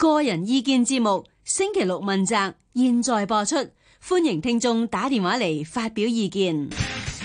個人意見節目星期六問責，現在播出，歡迎聽眾打電話嚟發表意見。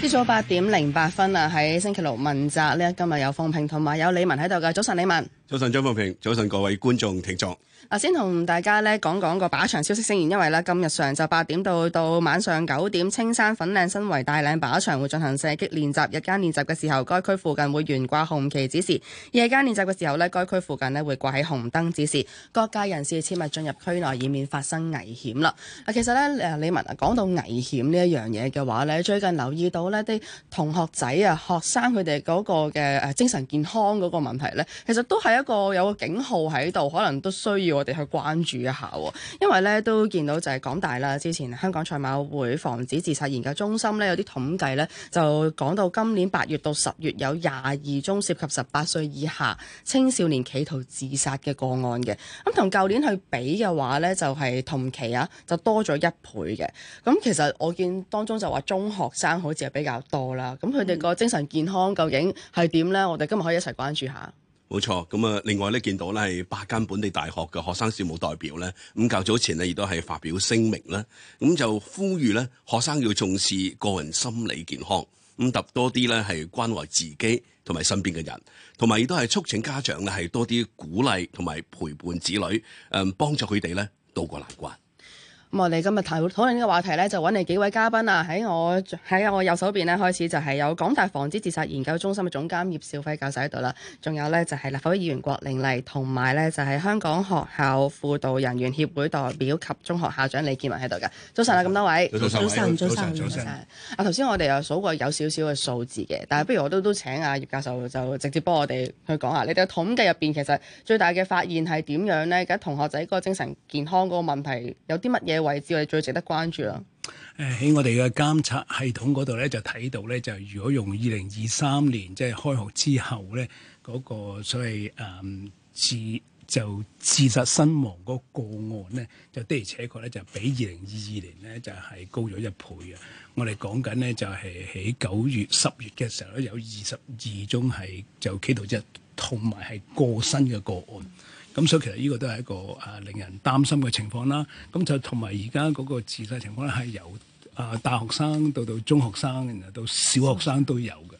朝早八點零八分啊，喺星期六問責，呢今日有方平同埋有李文喺度嘅，早晨李文。早晨張鳳平，早晨各位觀眾聽眾。啊，先同大家咧講講個靶場消息先，因為咧今日上晝八點到到晚上九點，青山粉嶺新圍大嶺靶場會進行射擊練習。日間練習嘅時候，該區附近會懸掛紅旗指示；夜間練習嘅時候咧，該區附近咧會掛起紅燈指示。各界人士切勿進入區內，以免發生危險啦。啊其實咧誒，李文啊，講到危險呢一樣嘢嘅話咧，最近留意到咧啲同學仔啊、學生佢哋嗰個嘅誒精神健康嗰個問題咧，其實都係。一個有一個警號喺度，可能都需要我哋去關注一下喎。因為咧都見到就係港大啦。之前香港賽馬會防止自殺研究中心咧有啲統計咧，就講到今年八月到十月有廿二宗涉及十八歲以下青少年企圖自殺嘅個案嘅。咁同舊年去比嘅話咧，就係、是、同期啊就多咗一倍嘅。咁其實我見當中就話中學生好似係比較多啦。咁佢哋個精神健康究竟係點咧？我哋今日可以一齊關注下。冇錯，咁啊，另外咧，見到咧係八間本地大學嘅學生事務代表咧，咁較早前呢，亦都係發表聲明啦，咁就呼籲咧學生要重視個人心理健康，咁特多啲咧係關懷自己同埋身邊嘅人，同埋亦都係促請家長咧係多啲鼓勵同埋陪伴子女，誒幫助佢哋咧渡過難關。咁我哋今日討討論呢個話題呢，就揾嚟幾位嘉賓啊，喺我喺我右手邊呢，開始就係有港大防止自殺研究中心嘅總監葉兆輝教授喺度啦，仲有，呢，就係、是、立法會議員郭玲麗，同埋呢就係、是、香港學校輔導人員協會代表及中學校，校長李建文喺度噶。早晨啦、啊，咁多位，早晨上，早晨，早晨上。啊，頭先我哋又數過有少少嘅數字嘅，但係不如我都都請啊葉教授就直接幫我哋去講下你哋統計入邊其實最大嘅發現係點樣呢？咁同學仔個精神健康嗰個問題有啲乜嘢？位置我哋最值得關注啦。誒喺、呃、我哋嘅監察系統嗰度咧，就睇到咧，就如果用二零二三年即係、就是、開學之後咧，嗰、那個所謂誒、嗯、自就自殺身亡嗰個案咧，就的而且確咧就比二零二二年咧就係、是、高咗一倍啊！我哋講緊咧就係喺九月、十月嘅時候咧，有二十二宗係就企圖自殺，同埋係過身嘅個案。嗯。咁、嗯、所以其實呢個都係一個誒、啊、令人擔心嘅情況啦。咁、嗯、就同埋而家嗰個自殺情況咧，係由啊、呃、大學生到到中學生，到，到小學生都有嘅。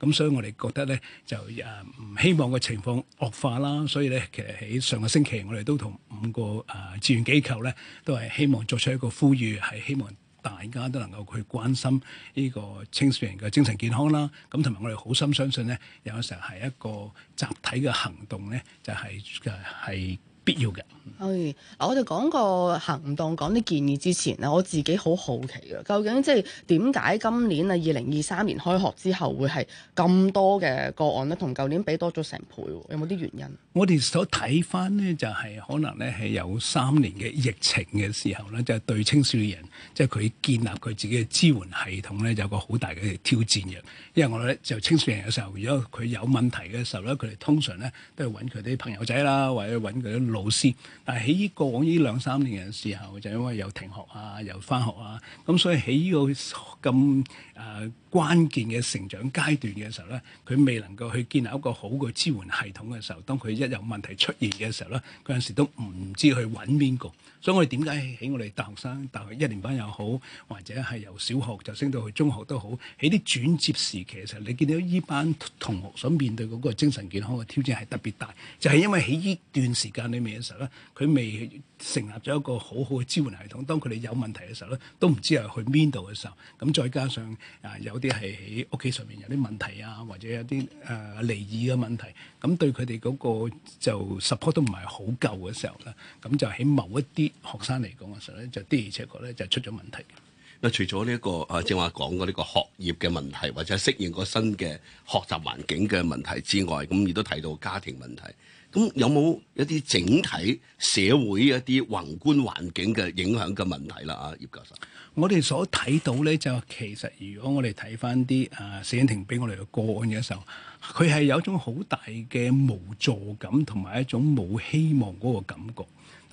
咁、嗯、所以我哋覺得咧，就誒唔、啊、希望個情況惡化啦。所以咧，其實喺上個星期，我哋都同五個誒、呃、志願機構咧，都係希望作出一個呼籲，係希望。大家都能夠去關心呢個青少年嘅精神健康啦，咁同埋我哋好深相信咧，有時候係一個集體嘅行動咧，就係、是。嘅係。必要嘅。係嗱、哎，我哋講個行動、講啲建議之前啦，我自己好好奇嘅，究竟即係點解今年啊，二零二三年開學之後會係咁多嘅個案咧，同舊年比多咗成倍，有冇啲原因？我哋所睇翻咧，就係、係、可能咧係有三年嘅疫情嘅時候咧，就係、對青少年，即係佢建立佢自己嘅支援系統咧，有個好大嘅挑戰嘅。因為我咧就青少年嘅時候，如果佢有問題嘅時候咧，佢哋通常咧都係揾佢啲朋友仔啦，或者揾佢老師，但係喺呢過往呢兩三年嘅時候，就因為又停學啊，又返學啊，咁所以喺呢個咁誒、呃、關鍵嘅成長階段嘅時候咧，佢未能夠去建立一個好嘅支援系統嘅時候，當佢一有問題出現嘅時候咧，佢陣時都唔知去揾邊個。所以我哋點解喺我哋大學生，大學一年班又好，或者係由小學就升到去中學都好，喺啲轉接時期嘅時候，其實你見到依班同學所面對嗰個精神健康嘅挑戰係特別大，就係、是、因為喺呢段時間裏面嘅時候咧，佢未成立咗一個好好嘅支援系統。當佢哋有問題嘅時候咧，都唔知係去邊度嘅時候。咁再加上啊，有啲係喺屋企上面有啲問題啊，或者有啲誒離異嘅問題，咁對佢哋嗰個就 support 都唔係好夠嘅時候咧，咁就喺某一啲。學生嚟講嘅時候咧，就的而且確咧就出咗問題。嗱、這個，除咗呢一個誒，正話講過呢個學業嘅問題，或者適應個新嘅學習環境嘅問題之外，咁亦都睇到家庭問題。咁有冇一啲整體社會一啲宏觀環境嘅影響嘅問題啦？啊，葉教授，我哋所睇到咧，就其實如果我哋睇翻啲誒，死因庭俾我哋嘅個案嘅時候，佢係有一種好大嘅無助感，同埋一種冇希望嗰個感覺。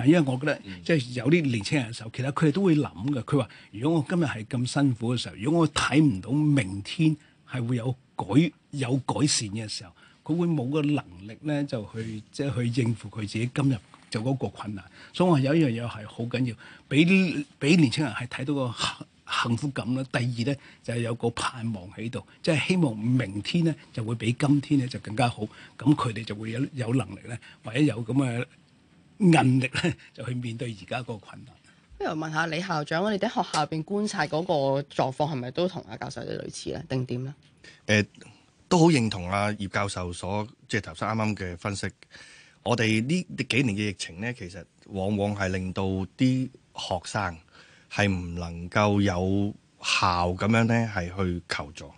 因為我覺得即係有啲年輕人嘅時候，其實佢哋都會諗嘅。佢話：如果我今日係咁辛苦嘅時候，如果我睇唔到明天係會有改有改善嘅時候，佢會冇個能力咧就去即係去應付佢自己今日就嗰個困難。所以我有一樣嘢係好緊要，俾俾年輕人係睇到個幸福感啦。第二咧就係有個盼望喺度，即係希望明天咧就會比今天咧就更加好。咁佢哋就會有有能力咧，或者有咁嘅。韌力咧，就去面對而家個困難。不如問下李校長，我哋喺學校入邊觀察嗰個狀況，係咪都同阿教授啲類似咧，定點咧？誒、呃，都好認同阿、啊、葉教授所即係頭先啱啱嘅分析。我哋呢幾年嘅疫情咧，其實往往係令到啲學生係唔能夠有效咁樣咧，係去求助。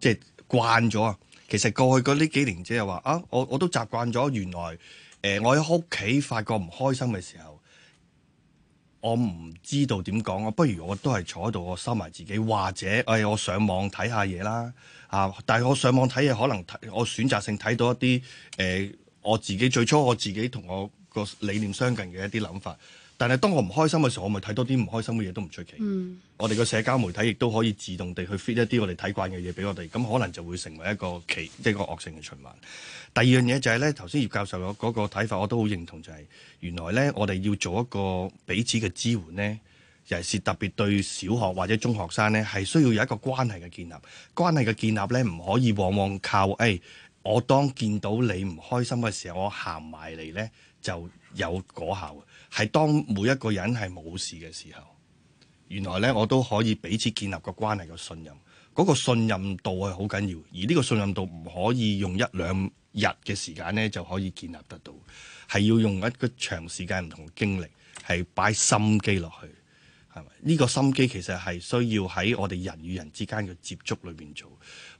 即係慣咗啊！其實過去嗰呢幾年，即係話啊，我我都習慣咗，原來。誒、呃，我喺屋企發覺唔開心嘅時候，我唔知道點講，我不如我都係坐喺度，我收埋自己，或者誒、呃，我上網睇下嘢啦，啊！但係我上網睇嘢，可能睇我選擇性睇到一啲誒、呃，我自己最初我自己同我個理念相近嘅一啲諗法。但係，當我唔開心嘅時候，我咪睇多啲唔開心嘅嘢都唔出奇。嗯、我哋個社交媒體亦都可以自動地去 feed 一啲我哋睇慣嘅嘢俾我哋，咁可能就會成為一個奇一個惡性嘅循環。第二樣嘢就係、是、咧，頭先葉教授嗰個睇法我都好認同，就係、是、原來咧，我哋要做一個彼此嘅支援咧，尤其是特別對小學或者中學生咧，係需要有一個關係嘅建立。關係嘅建立咧，唔可以往往靠誒、哎、我當見到你唔開心嘅時候，我行埋嚟咧就有果效。係當每一個人係冇事嘅時候，原來咧我都可以彼此建立個關係嘅信任，嗰、那個信任度係好緊要，而呢個信任度唔可以用一兩日嘅時間咧就可以建立得到，係要用一個長時間唔同嘅經歷，係擺心機落去，係咪？呢、這個心機其實係需要喺我哋人與人之間嘅接觸裏邊做。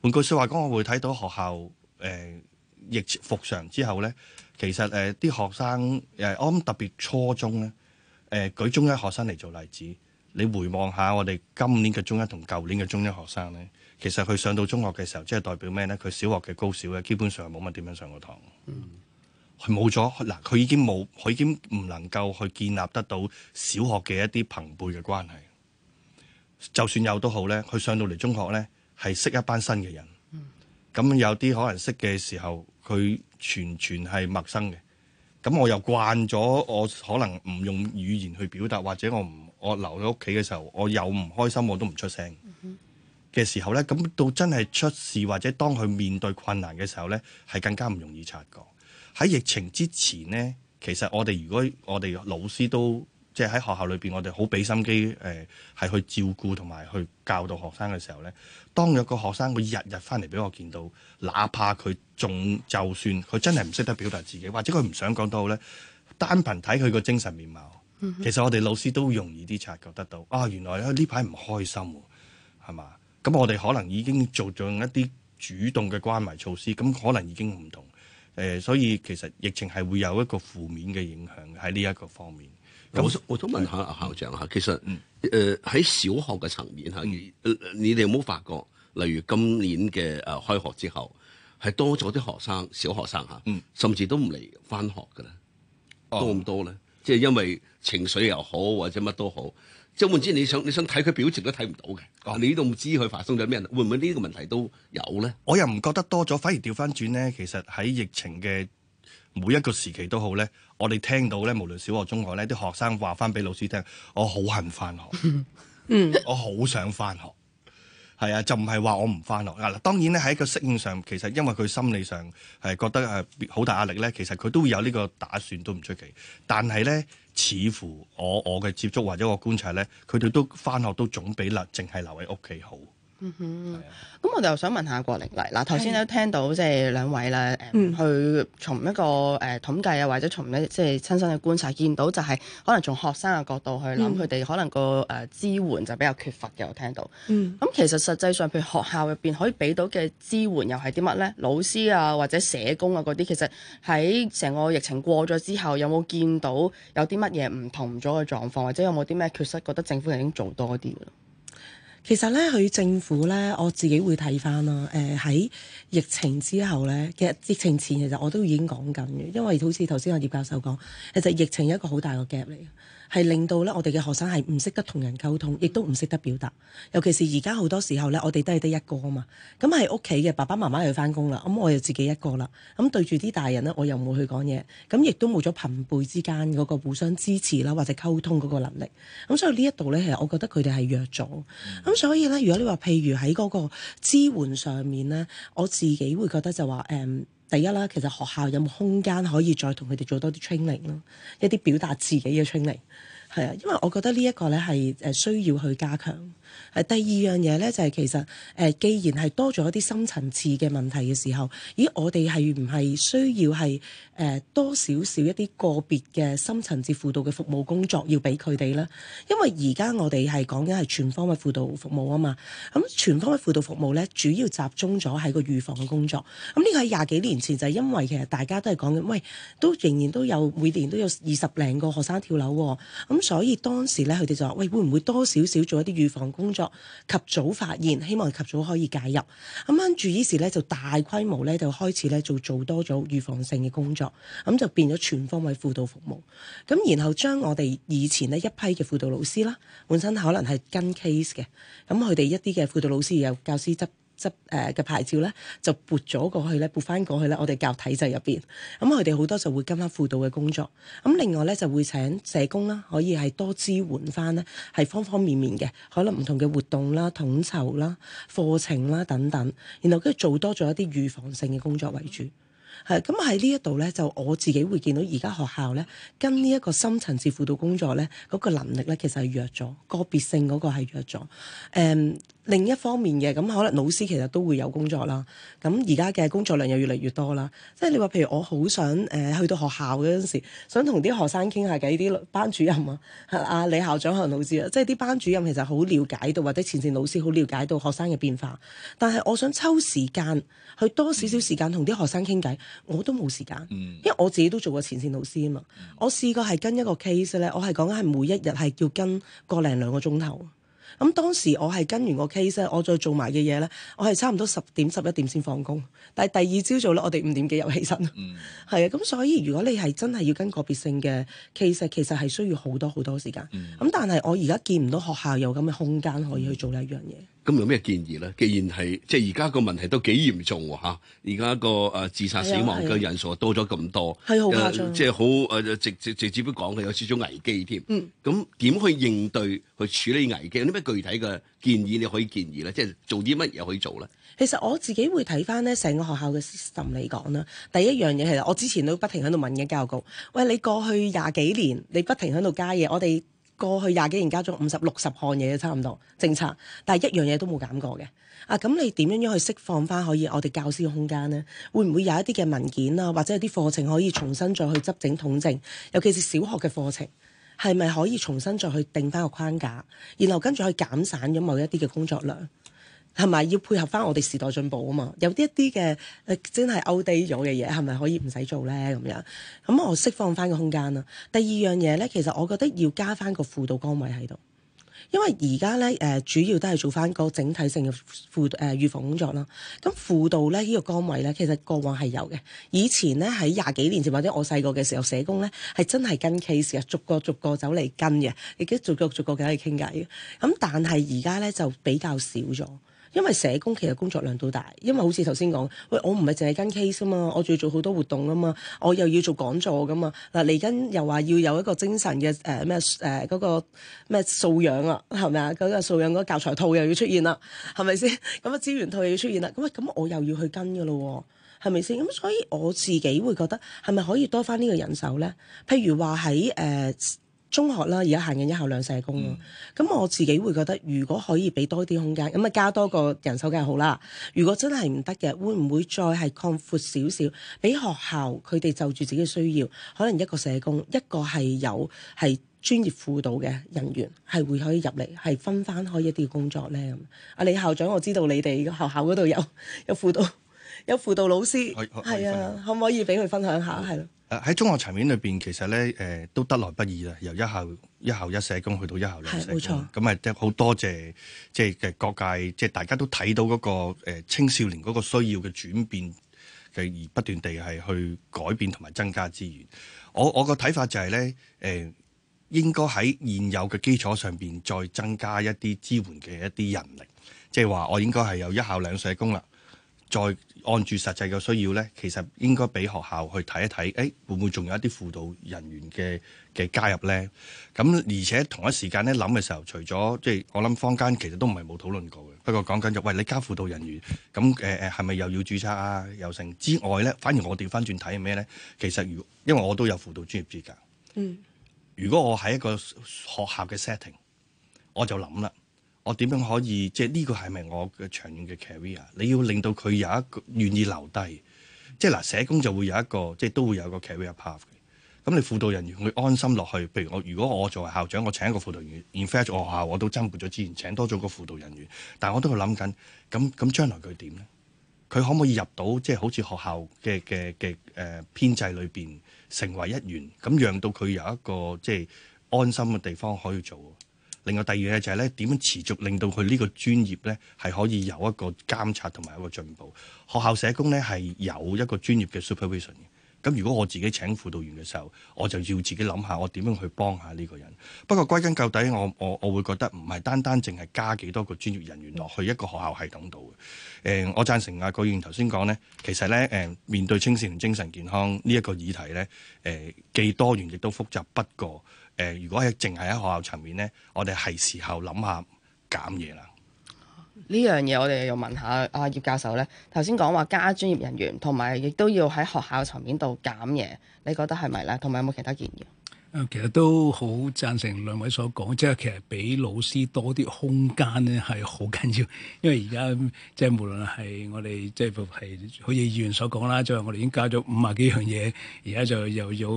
換句説話講，我會睇到學校誒、呃、疫情復常之後咧。其實誒，啲、呃、學生誒，我諗特別初中咧，誒、呃，舉中一學生嚟做例子，你回望下我哋今年嘅中一同舊年嘅中一學生咧，其實佢上到中學嘅時候，即係代表咩咧？佢小學嘅高小咧，基本上係冇乜點樣上過堂，嗯，佢冇咗嗱，佢已經冇，佢已經唔能夠去建立得到小學嘅一啲朋輩嘅關係，就算有都好咧，佢上到嚟中學咧，係識一班新嘅人，嗯，咁有啲可能識嘅時候，佢。全全係陌生嘅，咁我又慣咗，我可能唔用語言去表達，或者我唔我留喺屋企嘅時候，我有唔開心我都唔出聲嘅時候呢。咁到真係出事或者當佢面對困難嘅時候呢，係更加唔容易察覺。喺疫情之前呢，其實我哋如果我哋老師都。即係喺學校裏邊，我哋好俾心機誒，係、呃、去照顧同埋去教導學生嘅時候呢，當有個學生佢日日翻嚟俾我見到，哪怕佢仲就算佢真係唔識得表達自己，或者佢唔想講都好咧，單憑睇佢個精神面貌，嗯、哼其實我哋老師都容易啲察覺得到啊。原來呢排唔開心，係嘛？咁我哋可能已經做咗一啲主動嘅關懷措施，咁可能已經唔同誒、呃。所以其實疫情係會有一個負面嘅影響喺呢一個方面。那我我都問下校長嚇，其實誒喺、嗯呃、小學嘅層面嚇、嗯，你哋有冇發覺，例如今年嘅誒、呃、開學之後，係多咗啲學生，小學生嚇，啊嗯、甚至都唔嚟翻學㗎喇，哦、多唔多咧？即係因為情緒又好或者乜都好，即係唔知你想你想睇佢表情都睇唔到嘅，哦、你都唔知佢發生咗咩？會唔會呢個問題都有咧？我又唔覺得多咗，反而調翻轉咧。其實喺疫情嘅，每一個時期都好咧，我哋聽到咧，無論小學、中學咧，啲學生話翻俾老師聽，我好恨翻學，嗯， 我好想翻學，係啊，就唔係話我唔翻學啊。當然咧喺個適應上，其實因為佢心理上係覺得誒好大壓力咧，其實佢都會有呢個打算都唔出奇。但係咧，似乎我我嘅接觸或者我觀察咧，佢哋都翻學都總比啦淨係留喺屋企好。嗯哼，咁我哋又想問下郭玲麗，嗱，頭先咧聽到即係兩位啦，去的、嗯、從一個誒、呃、統計啊，或者從一即係親身嘅觀察見到，就係可能從學生嘅角度去諗，佢哋可能個誒、呃、支援就比較缺乏嘅。我聽到，咁、嗯嗯嗯、其實實際上譬如學校入邊可以俾到嘅支援又係啲乜呢？老師啊，或者社工啊嗰啲，其實喺成個疫情過咗之後，有冇見到有啲乜嘢唔同咗嘅狀況，或者有冇啲咩缺失？覺得政府已經做多啲。其實咧，佢政府咧，我自己會睇返啦。誒、呃，喺疫情之後咧，其實疫情前其實我都已經講緊嘅，因為好似頭先阿葉教授講，其實疫情一個好大嘅 gap 嚟。係令到咧，我哋嘅學生係唔識得同人溝通，亦都唔識得表達。尤其是而家好多時候咧，我哋都係得一個啊嘛。咁係屋企嘅爸爸媽媽又要翻工啦，咁、嗯、我又自己一個啦。咁、嗯、對住啲大人咧，我又唔會去講嘢。咁、嗯、亦都冇咗朋輩之間嗰個互相支持啦，或者溝通嗰個能力。咁、嗯所，嗯、所以呢一度咧，係我覺得佢哋係弱咗。咁所以咧，如果你話譬如喺嗰個支援上面咧，我自己會覺得就話誒。嗯第一啦，其實學校有冇空間可以再同佢哋做多啲 training 咯，一啲表達自己嘅 training。係啊，因為我覺得呢一個咧係誒需要去加強。誒第二樣嘢咧就係其實誒，既然係多咗一啲深層次嘅問題嘅時候，咦？我哋係唔係需要係誒、呃、多少少一啲個別嘅深層次輔導嘅服務工作要俾佢哋咧？因為而家我哋係講緊係全方位輔導服務啊嘛。咁全方位輔導服務咧，主要集中咗喺個預防嘅工作。咁、嗯、呢、呢個喺廿幾年前就係因為其實大家都係講嘅，喂，都仍然都有每年都有二十零個學生跳樓喎、哦。咁、嗯所以當時咧，佢哋就話：喂，會唔會多少少做一啲預防工作及早發現，希望及早可以介入。咁跟住於是咧，就大規模咧，就開始咧做做多咗預防性嘅工作，咁就變咗全方位輔導服務。咁然後將我哋以前咧一批嘅輔導老師啦，本身可能係跟 case 嘅，咁佢哋一啲嘅輔導老師有教師執執誒嘅、呃、牌照咧，就撥咗過去咧，撥翻過去咧，我哋教體制入邊，咁佢哋好多就會跟翻輔導嘅工作，咁、嗯、另外咧就會請社工啦，可以係多支援翻咧，係方方面面嘅，可能唔同嘅活動啦、統籌啦、課程啦等等，然後跟住做多咗一啲預防性嘅工作為主，係咁喺呢一度咧，就我自己會見到而家學校咧，跟呢一個深層次輔導工作咧，嗰、那個能力咧其實係弱咗，個別性嗰個係弱咗，誒、嗯。另一方面嘅咁，可能老師其實都會有工作啦。咁而家嘅工作量又越嚟越多啦。即係你話，譬如我好想誒、呃、去到學校嗰陣時，想同啲學生傾下偈，啲班主任啊、阿李校長、校老師啊，即係啲班主任其實好了解到，或者前線老師好了解到學生嘅變化。但係我想抽時間去多少少時間同啲學生傾偈，我都冇時間，因為我自己都做過前線老師啊嘛。我試過係跟一個 case 咧，我係講緊係每一日係要跟個零兩個鐘頭。咁當時我係跟完個 case，我再做埋嘅嘢咧，我係差唔多十點十一點先放工。但係第二朝早咧，我哋五點幾又起身。係、嗯、啊，咁所以如果你係真係要跟個別性嘅 case，其實係需要好多好多時間。咁、嗯嗯嗯嗯嗯、但係我而家見唔到學校有咁嘅空間可以去做呢一樣嘢。嗯嗯咁有咩建議咧？既然係即係而家個問題都幾嚴重嚇，而家個誒自殺死亡嘅人數多咗咁多，係好即係好誒直直直接不講佢有少少危機添。咁點、嗯嗯、去應對去處理危機？有啲咩具體嘅建議你可以建議咧？即係做啲乜嘢可以做咧？其實我自己會睇翻咧，成個學校嘅 system 嚟講啦，第一樣嘢其實我之前都不停喺度問緊教育局：喂，你過去廿幾年你不停喺度加嘢，我哋。過去廿幾年加咗五十六十項嘢，差唔多政策，但係一樣嘢都冇減過嘅。啊，咁你點樣樣去釋放翻可以我哋教師嘅空間呢？會唔會有一啲嘅文件啊，或者有啲課程可以重新再去執整統整？尤其是小學嘅課程，係咪可以重新再去定翻個框架，然後跟住去減散咗某一啲嘅工作量？係咪要配合翻我哋時代進步啊嘛？有啲一啲嘅誒真係 outdate 咗嘅嘢，係咪可以唔使做咧？咁樣咁、嗯、我釋放翻個空間啦。第二樣嘢咧，其實我覺得要加翻個輔導崗位喺度，因為而家咧誒主要都係做翻個整體性嘅輔誒預防工作啦。咁、嗯、輔導咧呢、這個崗位咧，其實過往係有嘅。以前咧喺廿幾年前或者我細個嘅時候社工咧，係真係跟 case 啊，逐個逐個，逐個走嚟跟嘅，亦都逐個逐個嘅喺度傾偈嘅。咁、嗯、但係而家咧就比較少咗。因為社工其實工作量都大，因為好似頭先講，喂，我唔係淨係跟 case 啊嘛，我仲要做好多活動啊嘛，我又要做講座㗎嘛。嗱，嚟緊又話要有一個精神嘅誒咩誒嗰個咩素養啊，係咪啊？嗰個素養嗰教材套又要出現啦，係咪先？咁啊資源套又要出現啦。咁喂，咁我又要去跟㗎咯，係咪先？咁所以我自己會覺得係咪可以多返呢個人手咧？譬如話喺誒，欸中學啦，而家行緊一校兩社工咯。咁、嗯、我自己會覺得，如果可以俾多啲空間，咁啊加多個人手梗係好啦。如果真係唔得嘅，會唔會再係擴闊少少，俾學校佢哋就住自己需要，可能一個社工，一個係有係專業輔導嘅人員，係會可以入嚟，係分翻開一啲工作呢？咁，阿李校長，我知道你哋學校嗰度有有輔導。有輔導老師係以啊，可唔可以俾佢分享，可可分享下？係咯、啊，誒喺、啊、中學層面裏邊，其實咧誒、呃、都得來不易啦。由一校一校一社工去到一校兩社工，咁啊好多謝即係嘅各界，即、就、係、是、大家都睇到嗰、那個青、呃、少年嗰個需要嘅轉變嘅，而不斷地係去改變同埋增加資源。我我個睇法就係咧誒，應該喺現有嘅基礎上邊再增加一啲支援嘅一啲人力，即係話我應該係由一校兩社工啦，再。按住實際嘅需要咧，其實應該俾學校去睇一睇，誒會唔會仲有一啲輔導人員嘅嘅加入咧？咁而且同一時間咧，諗嘅時候，除咗即係我諗坊間其實都唔係冇討論過嘅。不過講緊就是，喂，你加輔導人員，咁誒誒係咪又要註冊啊？又成之外咧，反而我調返轉睇係咩咧？其實如因為我都有輔導專業資格，嗯，如果我喺一個學校嘅 setting，我就諗啦。我點樣可以即係呢個係咪我嘅長遠嘅 career？你要令到佢有一個願意留低，即係嗱社工就會有一個即係都會有個 career path 嘅。咁你輔導人員會安心落去，譬如我如果我作為校長，我請一個輔導人員，In fact，我學校我都增撥咗資源，請多咗個輔導人員，但係我都會諗緊，咁咁將來佢點咧？佢可唔可以入到即係好似學校嘅嘅嘅誒編制裏邊成為一員？咁讓到佢有一個即係安心嘅地方可以做。另外第二嘅就係咧，點樣持續令到佢呢個專業咧係可以有一個監察同埋一個進步。學校社工咧係有一個專業嘅 supervision 嘅。咁如果我自己請輔導員嘅時候，我就要自己諗下我點樣去幫下呢個人。不過，歸根究底，我我我會覺得唔係單單淨係加幾多個專業人員落去一個學校系統度嘅。誒、呃，我贊成啊，郭議員頭先講咧，其實咧誒、呃、面對青少年精神健康呢一個議題咧，誒、呃、既多元亦都複雜不過，誒，如果係淨係喺學校層面呢，我哋係時候諗下減嘢啦。呢樣嘢我哋又問下阿、啊、葉教授呢，頭先講話加專業人員，同埋亦都要喺學校層面度減嘢，你覺得係咪呢？同埋有冇其他建議？其實都好贊成兩位所講，即係其實俾老師多啲空間咧，係好緊要，因為而家即係無論係我哋即係係好似議員所講啦，即係我哋已經教咗五啊幾樣嘢，而家就又要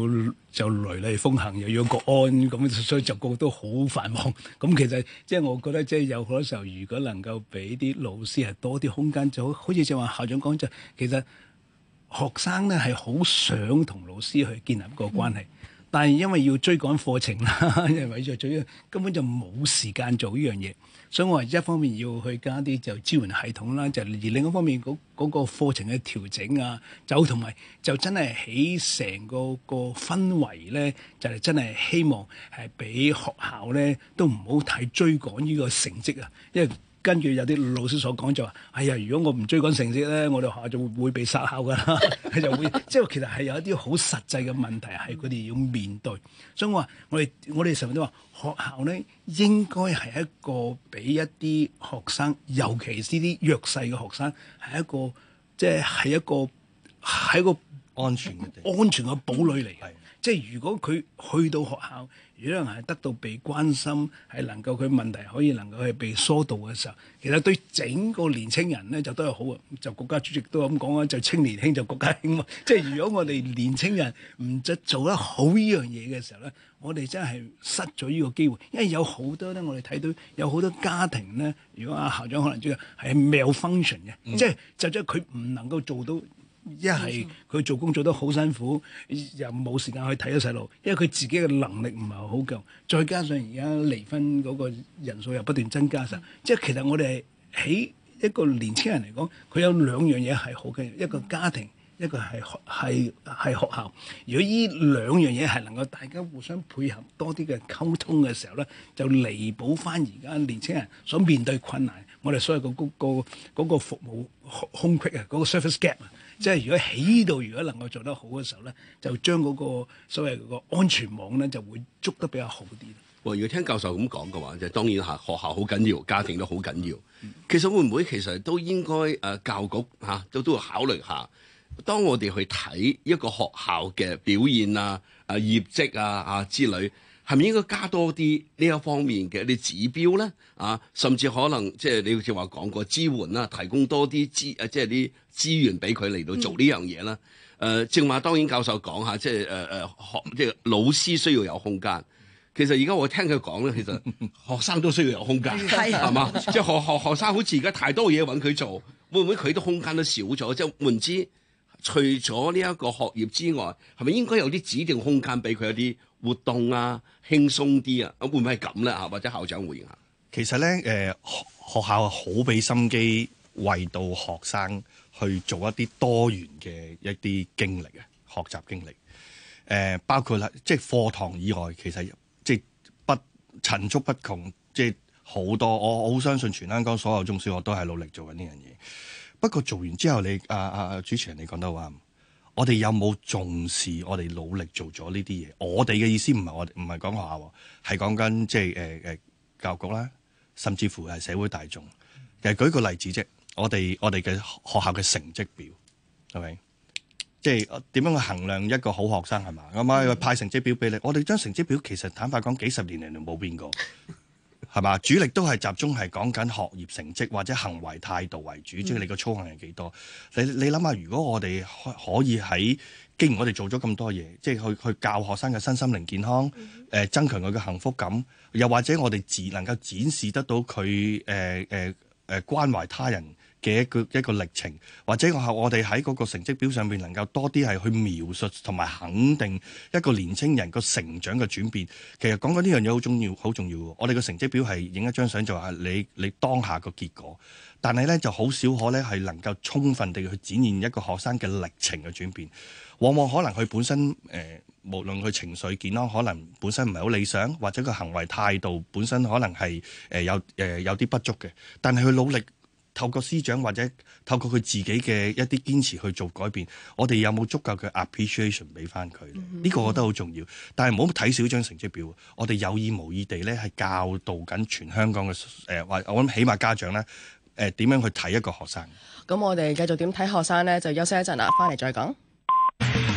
就雷厲風行，又要國安咁，所以就個個都好繁忙。咁其實即係我覺得即係有好多時候，如果能夠俾啲老師係多啲空間，就好似正話校長講就，其實學生咧，係好想同老師去建立個關係。嗯但係因為要追趕課程啦，為咗追根本就冇時間做呢樣嘢，所以我話一方面要去加啲就支援系統啦，就而另一方面嗰嗰、嗰個課程嘅調整啊，就同埋就真係喺成個、嗰個氛圍咧，就係、是、真係希望係俾學校咧都唔好太追趕呢個成績啊，因為。跟住有啲老師所講就話、是，哎呀，如果我唔追趕成績咧，我哋學校就會被殺校噶啦。佢 就會，即係其實係有一啲好實際嘅問題係佢哋要面對。所以我話我哋我哋成日都話，學校咧應該係一個俾一啲學生，尤其是啲弱勢嘅學生，係一個即係係一個係一個安全嘅安全嘅堡壘嚟。的即係如果佢去到學校。如果人係得到被關心，係能夠佢問題可以能夠去被疏導嘅時候，其實對整個年青人咧就都係好啊！就國家主席都咁講啊，就青年興就國家興，即係如果我哋年青人唔執做得好呢樣嘢嘅時候咧，我哋真係失咗呢個機會，因為有好多咧我哋睇到有好多家庭咧，如果阿校長可能知道係 malfunction 嘅，即係、嗯、就即係佢唔能夠做到。一係佢做工做得好辛苦，又冇時間去睇個細路，因為佢自己嘅能力唔係好夠，再加上而家離婚嗰個人數又不斷增加曬，嗯、即係其實我哋喺一個年青人嚟講，佢有兩樣嘢係好嘅，一個家庭，一個係係係學校。如果呢兩樣嘢係能夠大家互相配合多啲嘅溝通嘅時候咧，就彌補翻而家年青人所面對困難，我哋所謂、嗰個個嗰、嗰個服務空隙啊，嗰、嗰個 service gap 啊。即係如果喺呢度如果能夠做得好嘅時候咧，就將嗰個所謂個安全網咧就會捉得比較好啲。哇！如果聽教授咁講嘅話，就是、當然嚇、啊、學校好緊要，家庭都好緊要。其實會唔會其實都應該誒、啊、教局嚇、啊、都都要考慮下，當我哋去睇一個學校嘅表現啊、啊業績啊啊之類。係咪應該加多啲呢一方面嘅一啲指標咧？啊，甚至可能即係你好似話講過支援啦，提供多啲資啊，即係啲資源俾佢嚟到做呢樣嘢啦。誒、嗯呃，正話當然教授講下，即係誒誒學即係老師需要有空間。其實而家我聽佢講咧，其實學生都需要有空間，係嘛 吧？即係學學學生好似而家太多嘢揾佢做，會唔會佢啲空間都少咗？即係換之，除咗呢一個學業之外，係咪應該有啲指定空間俾佢一啲？活動啊，輕鬆啲啊，咁會唔會係咁咧？啊，或者校長回應下。其實咧，誒、呃，學校好俾心機，為到學生去做一啲多元嘅一啲經歷啊，學習經歷。誒、呃，包括啦，即係課堂以外，其實即係不層出不窮，即係好多。我我好相信全香港所有中小學都係努力做緊呢樣嘢。不過做完之後，你阿阿、啊、主持人你講得話。我哋有冇重視？我哋努力做咗呢啲嘢。我哋嘅意思唔係，我哋唔係講學校，係講緊即係誒誒，教育局啦，甚至乎係社會大眾。其實舉個例子啫，我哋我哋嘅學校嘅成績表係咪？Okay? 即係點樣去衡量一個好學生係嘛？阿媽派成績表俾你，我哋張成績表其實坦白講，幾十年嚟，就冇變過。 係嘛？主力都係集中係講緊學業成績或者行為態度為主，嗯、即係你個操行係幾多？你你諗下，如果我哋可以喺，既然我哋做咗咁多嘢，即係去去教學生嘅身心靈健康，誒、呃、增強佢嘅幸福感，又或者我哋展能夠展示得到佢誒誒誒關懷他人.嘅一個一個歷程，或者我我哋喺嗰個成績表上面能夠多啲係去描述同埋肯定一個年青人個成長嘅轉變。其實講緊呢樣嘢好重要，好重要。我哋嘅成績表係影一張相就話你你當下個結果，但係咧就好少可咧係能夠充分地去展現一個學生嘅歷程嘅轉變，往往可能佢本身誒、呃、無論佢情緒健康，可能本身唔係好理想，或者個行為態度本身可能係誒、呃、有誒、呃、有啲不足嘅，但係佢努力。透過師長或者透過佢自己嘅一啲堅持去做改變，我哋有冇足夠嘅 appreciation 俾翻佢呢？Mm-hmm. 呢個我覺得好重要。但係唔好睇少張成績表，我哋有意無意地咧係教導緊全香港嘅誒，或、呃、我諗起碼家長咧，誒、呃、點樣去睇一個學生。咁我哋繼續點睇學生咧？就休息一陣啦，翻嚟再講。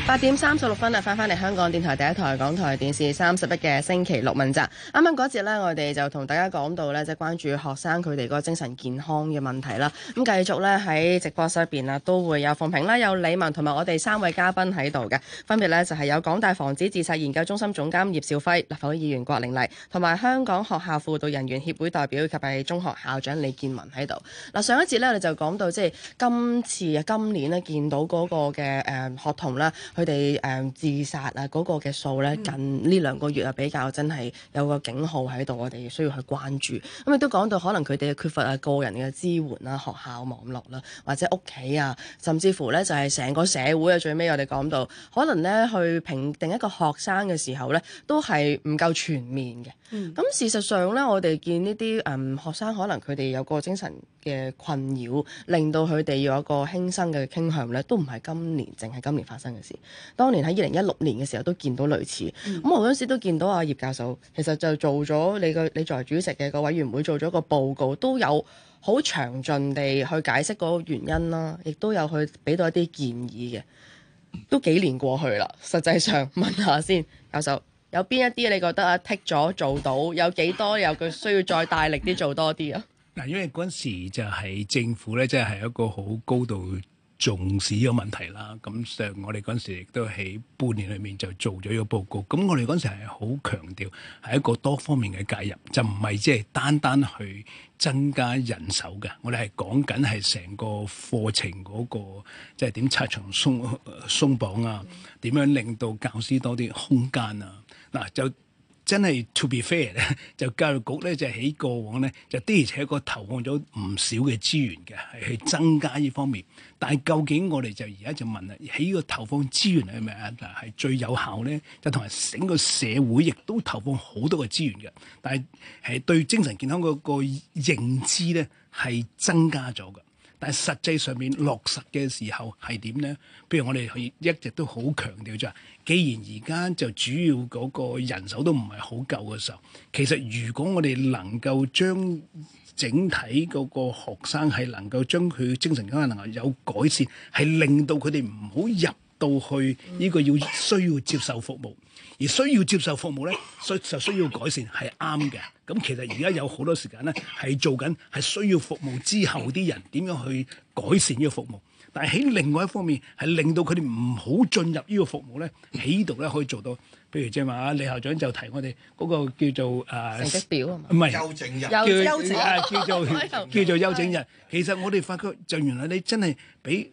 八點三十六分啊，返返嚟香港電台第一台港台電視三十一嘅星期六問責。啱啱嗰節咧，我哋就同大家講到咧，即係關注學生佢哋個精神健康嘅問題啦。咁、嗯、繼續咧喺直播室入邊啊，都會有奉評啦，有李文同埋我哋三位嘉賓喺度嘅，分別咧就係、是、有港大防止自殺研究中心總監葉兆輝、立法會議員郭玲麗同埋香港學校訓輔人員協會代表及係中學校長李建文喺度。嗱，上一節咧，我哋就講到即係今次今年咧見到嗰個嘅誒、呃、學童啦。佢哋誒自殺啊嗰、那個嘅數咧，近呢兩個月啊比較真係有個警號喺度，我哋需要去關注。咁、嗯、亦都講到可能佢哋缺乏啊個人嘅支援啦、啊、學校網絡啦、啊，或者屋企啊，甚至乎咧就係成個社會啊。最尾我哋講到，可能咧去評定一個學生嘅時候咧，都係唔夠全面嘅。咁、嗯、事實上咧，我哋見呢啲誒學生可能佢哋有個精神嘅困擾，令到佢哋有一個輕生嘅傾向咧，都唔係今年淨係今年發生嘅事。當年喺二零一六年嘅時候都見到類似，咁、嗯、我嗰陣時都見到阿、啊、葉教授，其實就做咗你個你作為主席嘅個委員會做咗個報告，都有好詳盡地去解釋嗰個原因啦，亦都有去俾到一啲建議嘅。都幾年過去啦，實際上問下先，教授有邊一啲你覺得啊剔咗 做到，有幾多有佢需要再大力啲做多啲啊？嗱， 因為嗰陣時就係政府咧，即係一個好高度。重視個問題啦，咁上我哋嗰陣時亦都喺半年裏面就做咗個報告。咁我哋嗰陣時係好強調係一個多方面嘅介入，就唔係即係單單去增加人手嘅。我哋係講緊係成個課程嗰個即係點拆牆鬆鬆綁啊，點樣令到教師多啲空間啊，嗱、啊、就。真係 to be fair 咧，就教育局咧就喺過往咧就的而且確投放咗唔少嘅資源嘅，係去增加呢方面。但係究竟我哋就而家就問啦，喺呢個投放資源係咪係最有效咧？就同埋整個社會亦都投放好多嘅資源嘅，但係係對精神健康嗰個認知咧係增加咗嘅。但實際上面落實嘅時候係點呢？譬如我哋去一直都好強調就係，既然而家就主要嗰個人手都唔係好夠嘅時候，其實如果我哋能夠將整體嗰個學生係能夠將佢精神健康能力有改善，係令到佢哋唔好入到去呢個要需要接受服務。而需要接受服務咧，需就需要改善係啱嘅。咁其實而家有好多時間咧，係做緊，係需要服務之後啲人點樣去改善呢個服務。但係喺另外一方面係令到佢哋唔好進入呢個服務咧，喺度咧可以做到。譬如即係話，李校長就提我哋嗰個叫做誒、呃、表啊，唔係休整日，叫做 叫做休整日。 其實我哋發覺，就原來你真係俾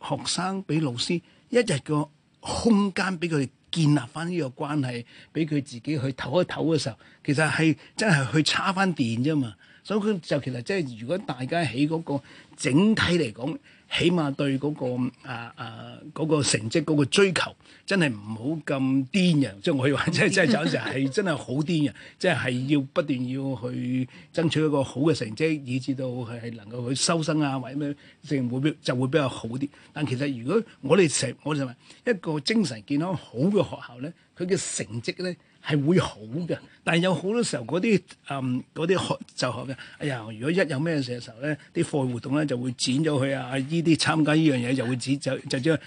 學生俾老師一日個空間俾佢哋。建立翻呢個關係，俾佢自己去唞一唞嘅時候，其實係真係去差翻電啫嘛。所以佢就其實即係如果大家喺嗰個整體嚟講。起碼對嗰、那個啊啊嗰、那個、成績嗰、那個追求真係唔好咁癲嘅，即係 我以話，即係即係有時係真係好癲嘅，即係係要不斷要去爭取一個好嘅成績，以至到係係能夠去收生啊，或者咩成目標就會比較好啲。但其實如果我哋成，我就話一個精神健康好嘅學校咧，佢嘅成績咧。係會好嘅，但係有好多時候嗰啲誒啲學就學嘅，哎呀！如果一有咩事嘅時候咧，啲課外活動咧就會剪咗佢啊！呢啲參加呢樣嘢就會剪就就將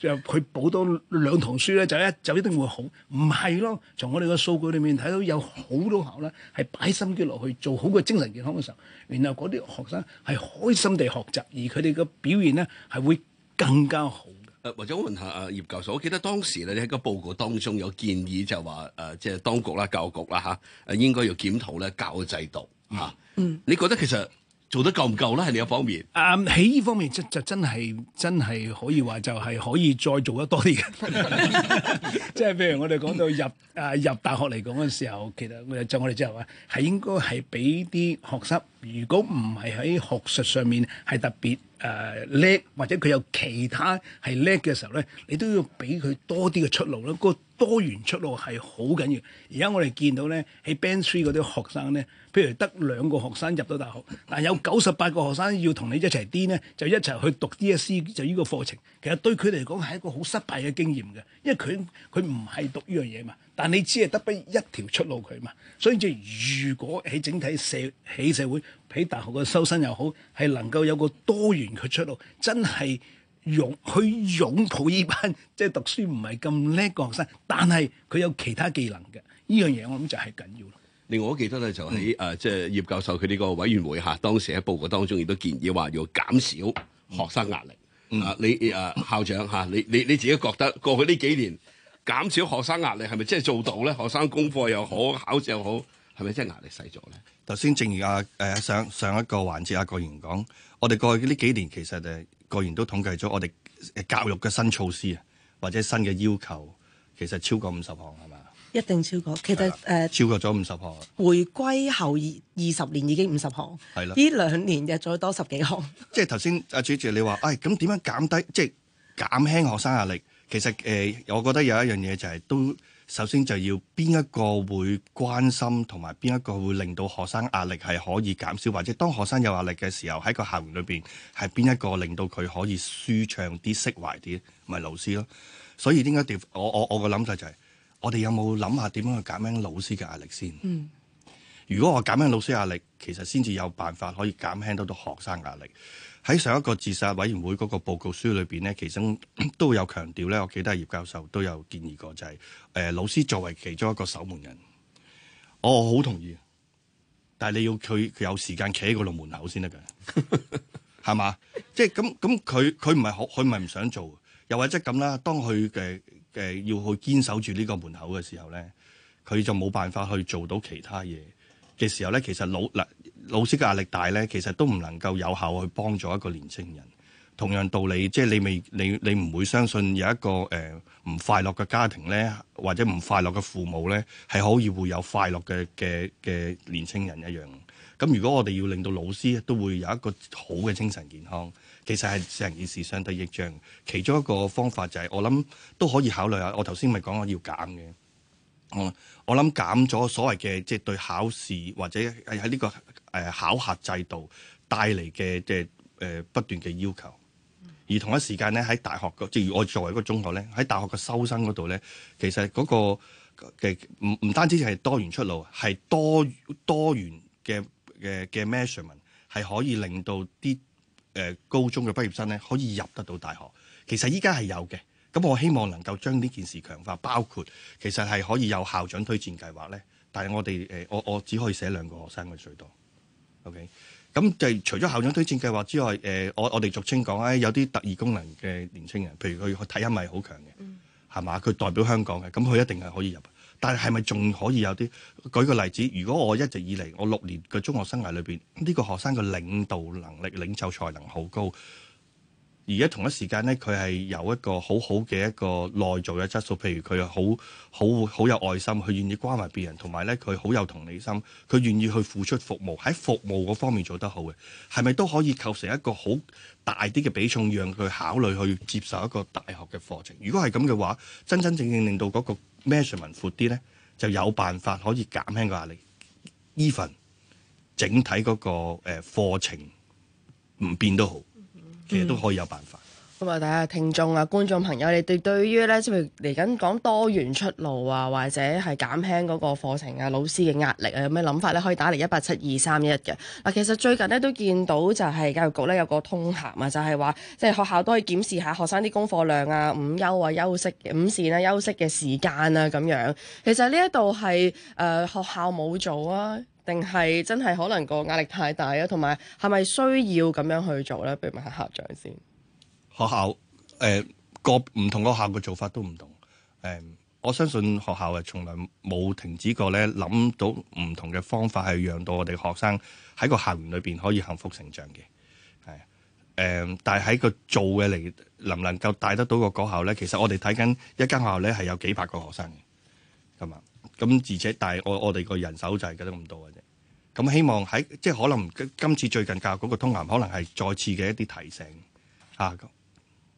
佢補多兩堂書咧，就一就一定會好。唔係咯，從我哋個數據裡面睇到有好多校咧係擺心機落去做好個精神健康嘅時候，然後嗰啲學生係開心地學習，而佢哋嘅表現咧係會更加好。或者我問下阿葉教授，我記得當時咧，你喺個報告當中有建議就話誒，即係當局啦、教育局啦嚇、啊，應該要檢討咧教嘅制度嚇、啊嗯。嗯，你覺得其實？做得夠唔夠咧？係另一方面，啊，喺呢方面就就真係真係可以話就係可以再做得多啲嘅。即係譬如我哋講到入啊入大學嚟講嘅時候，其實我哋就我哋之後話係應該係俾啲學生，如果唔係喺學術上面係特別誒叻，或者佢有其他係叻嘅時候咧，你都要俾佢多啲嘅出路囉。嗰多元出路係好緊要，而家我哋見到咧喺 Band Three 嗰啲學生咧，譬如得兩個學生入到大學，但有九十八個學生要同你一齊 D 咧，就一齊去讀 DSE 就呢個課程。其實對佢嚟講係一個好失敗嘅經驗嘅，因為佢佢唔係讀呢樣嘢嘛。但你只係得俾一條出路佢嘛，所以就如果喺整體社喺社會喺大學嘅修身又好，係能夠有個多元嘅出路，真係。擁去擁抱呢班即係讀書唔係咁叻個學生，但係佢有其他技能嘅呢樣嘢，這個、我諗就係緊要咯。另外，我記得咧就喺誒即係葉教授佢呢個委員會嚇，當時喺報告當中亦都建議話要減少學生壓力。嗯、啊，你誒、啊、校長嚇、啊，你你你自己覺得過去呢幾年減少學生壓力係咪真係做到咧？學生功課又好，考試又好，係咪真係壓力細咗咧？頭先正如阿、啊、誒、呃、上上一個環節阿國賢講，我哋過去呢幾年其實誒。個年都統計咗我哋教育嘅新措施啊，或者新嘅要求，其實超過五十項係嘛？一定超過，其實誒、呃、超過咗五十項。回歸後二二十年已經五十項，係啦的，呢兩年入再多十幾項。 即係頭先阿主持你話，誒咁點樣減低，即係減輕學生壓力？其實誒、呃，我覺得有一樣嘢就係都。首先就要邊一個會關心同埋邊一個會令到學生壓力係可以減少，或者當學生有壓力嘅時候喺個校園裏邊係邊一個令到佢可以舒暢啲、釋懷啲，咪、就是、老師咯。所以點解我我我個諗法就係、是、我哋有冇諗下點樣去減輕老師嘅壓力先？嗯，如果我減輕老師壓力，其實先至有辦法可以減輕到到學生壓力。喺上一個自殺委員會嗰個報告書裏邊咧，其實都有強調咧，我記得係葉教授都有建議過，就係、是、誒、呃、老師作為其中一個守門人，哦、我好同意，但係你要佢有時間企喺嗰度門口先得㗎，係嘛？ 即係咁咁，佢佢唔係可，佢唔係唔想做，又或者咁啦。當佢嘅呃要去堅守住呢個門口嘅時候咧，佢就冇辦法去做到其他嘢嘅時候咧，其實老嗱。呃老師嘅壓力大呢，其實都唔能夠有效去幫助一個年青人。同樣道理，即係你未你你唔會相信有一個誒唔、呃、快樂嘅家庭呢，或者唔快樂嘅父母呢，係可以會有快樂嘅嘅嘅年青人一樣。咁如果我哋要令到老師都會有一個好嘅精神健康，其實係成件事相得益彰。其中一個方法就係、是、我諗都可以考慮下。我頭先咪講我要減嘅。嗯、我我諗減咗所謂嘅即係對考試或者喺呢、這個誒、呃、考核制度帶嚟嘅即係誒不斷嘅要求，而同一時間咧喺大學，即係我作為一個中學咧喺大學嘅收生嗰度咧，其實嗰、那個嘅唔唔單止係多元出路，係多多元嘅嘅嘅 measurement 係可以令到啲誒、呃、高中嘅畢業生咧可以入得到大學。其實依家係有嘅。咁我希望能夠將呢件事強化，包括其實係可以有校長推薦計劃呢。但係我哋誒、呃，我我只可以寫兩個學生嘅隧道。OK，咁就係除咗校長推薦計劃之外，誒、呃，我我哋俗稱講咧，有啲特異功能嘅年青人，譬如佢體音係好強嘅，係嘛、嗯？佢代表香港嘅，咁佢一定係可以入。但係係咪仲可以有啲？舉個例子，如果我一直以嚟我六年嘅中學生涯裏邊，呢、這個學生嘅領導能力、領袖才能好高。而家同一時間呢，佢係有一個好好嘅一個內在嘅質素，譬如佢好好好有愛心，佢願意關懷別人，同埋呢，佢好有同理心，佢願意去付出服務喺服務嗰方面做得好嘅，係咪都可以構成一個好大啲嘅比重，讓佢考慮去接受一個大學嘅課程？如果係咁嘅話，真真正正令到嗰個 measurement 闊啲呢，就有辦法可以減輕個壓力。Even 整體嗰個誒課程唔變都好。其實都可以有辦法。咁啊、嗯，睇下聽眾啊、觀眾朋友，你對對於咧即係嚟緊講多元出路啊，或者係減輕嗰個課程啊、老師嘅壓力啊，有咩諗法咧？可以打嚟一八七二三一嘅。嗱、啊，其實最近咧都見到就係教育局咧有個通函啊，就係話即係學校都可以檢視下學生啲功課量啊、午休啊、休息午膳啊、休息嘅時間啊咁樣。其實呢一度係誒學校冇做啊。定係真係可能個壓力太大啊，同埋係咪需要咁樣去做呢？不如問，問下校長先。學校誒個唔同個校嘅做法都唔同誒、呃，我相信學校係從來冇停止過咧，諗到唔同嘅方法係讓到我哋學生喺個校園裏邊可以幸福成長嘅，係、呃、誒。但係喺個做嘅嚟能唔能夠帶得到個果效呢？其實我哋睇緊一間學校呢，係有幾百個學生嘅咁啊。咁而且，但係我我哋個人手就係得咁多嘅啫。咁希望喺即係可能今次最近教育局個通函，可能係再次嘅一啲提醒啊。咁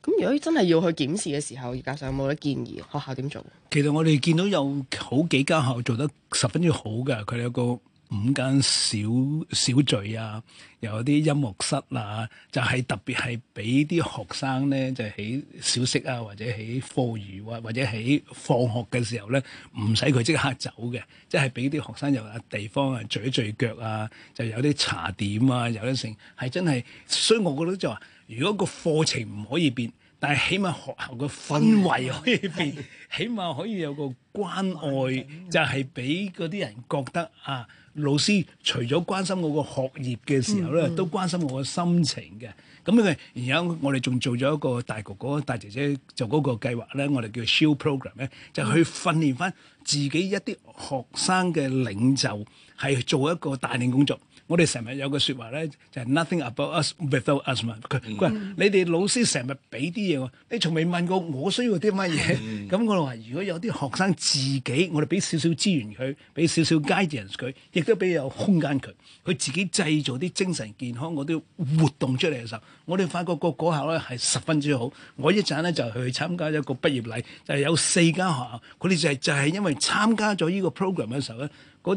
咁如果真係要去檢視嘅時候，而家上有冇得建議？學校點做？其實我哋見到有好幾間學校做得十分之好嘅，佢哋有個，五間小小聚啊，又有啲音樂室啦、啊，就係、是、特別係俾啲學生咧，就喺小息啊，或者喺課餘或、啊、或者喺放學嘅時候咧，唔使佢即刻走嘅，即係俾啲學生有地方啊聚一聚腳啊，就有啲茶點啊，有啲剩，係真係。所以我覺得就話，如果個課程唔可以變，但係起碼學校個氛圍可以變， 起碼可以有個關愛，就係俾嗰啲人覺得啊。老師除咗關心我個學業嘅時候咧，嗯嗯都關心我個心情嘅。咁咧，然後我哋仲做咗一個大哥哥、大姐姐做嗰個計劃咧，我哋叫 show program 咧，就去訓練返自己一啲學生嘅領袖，係做一個帶領工作。我哋成日有個説話咧，就係、是、nothing about us without us 嘛。佢佢話：你哋老師成日俾啲嘢我，你從未問過我需要啲乜嘢。咁、嗯、我話：如果有啲學生自己，我哋俾少少資源佢，俾少少 guidance 佢，亦都俾有空間佢，佢自己製造啲精神健康嗰啲活動出嚟嘅時候，我哋發覺個學校咧係十分之好。我一陣咧就去參加一個畢業禮，就係、是、有四間學校，佢哋就係、是、就係、是、因為參加咗呢個 program 嘅時候咧，啲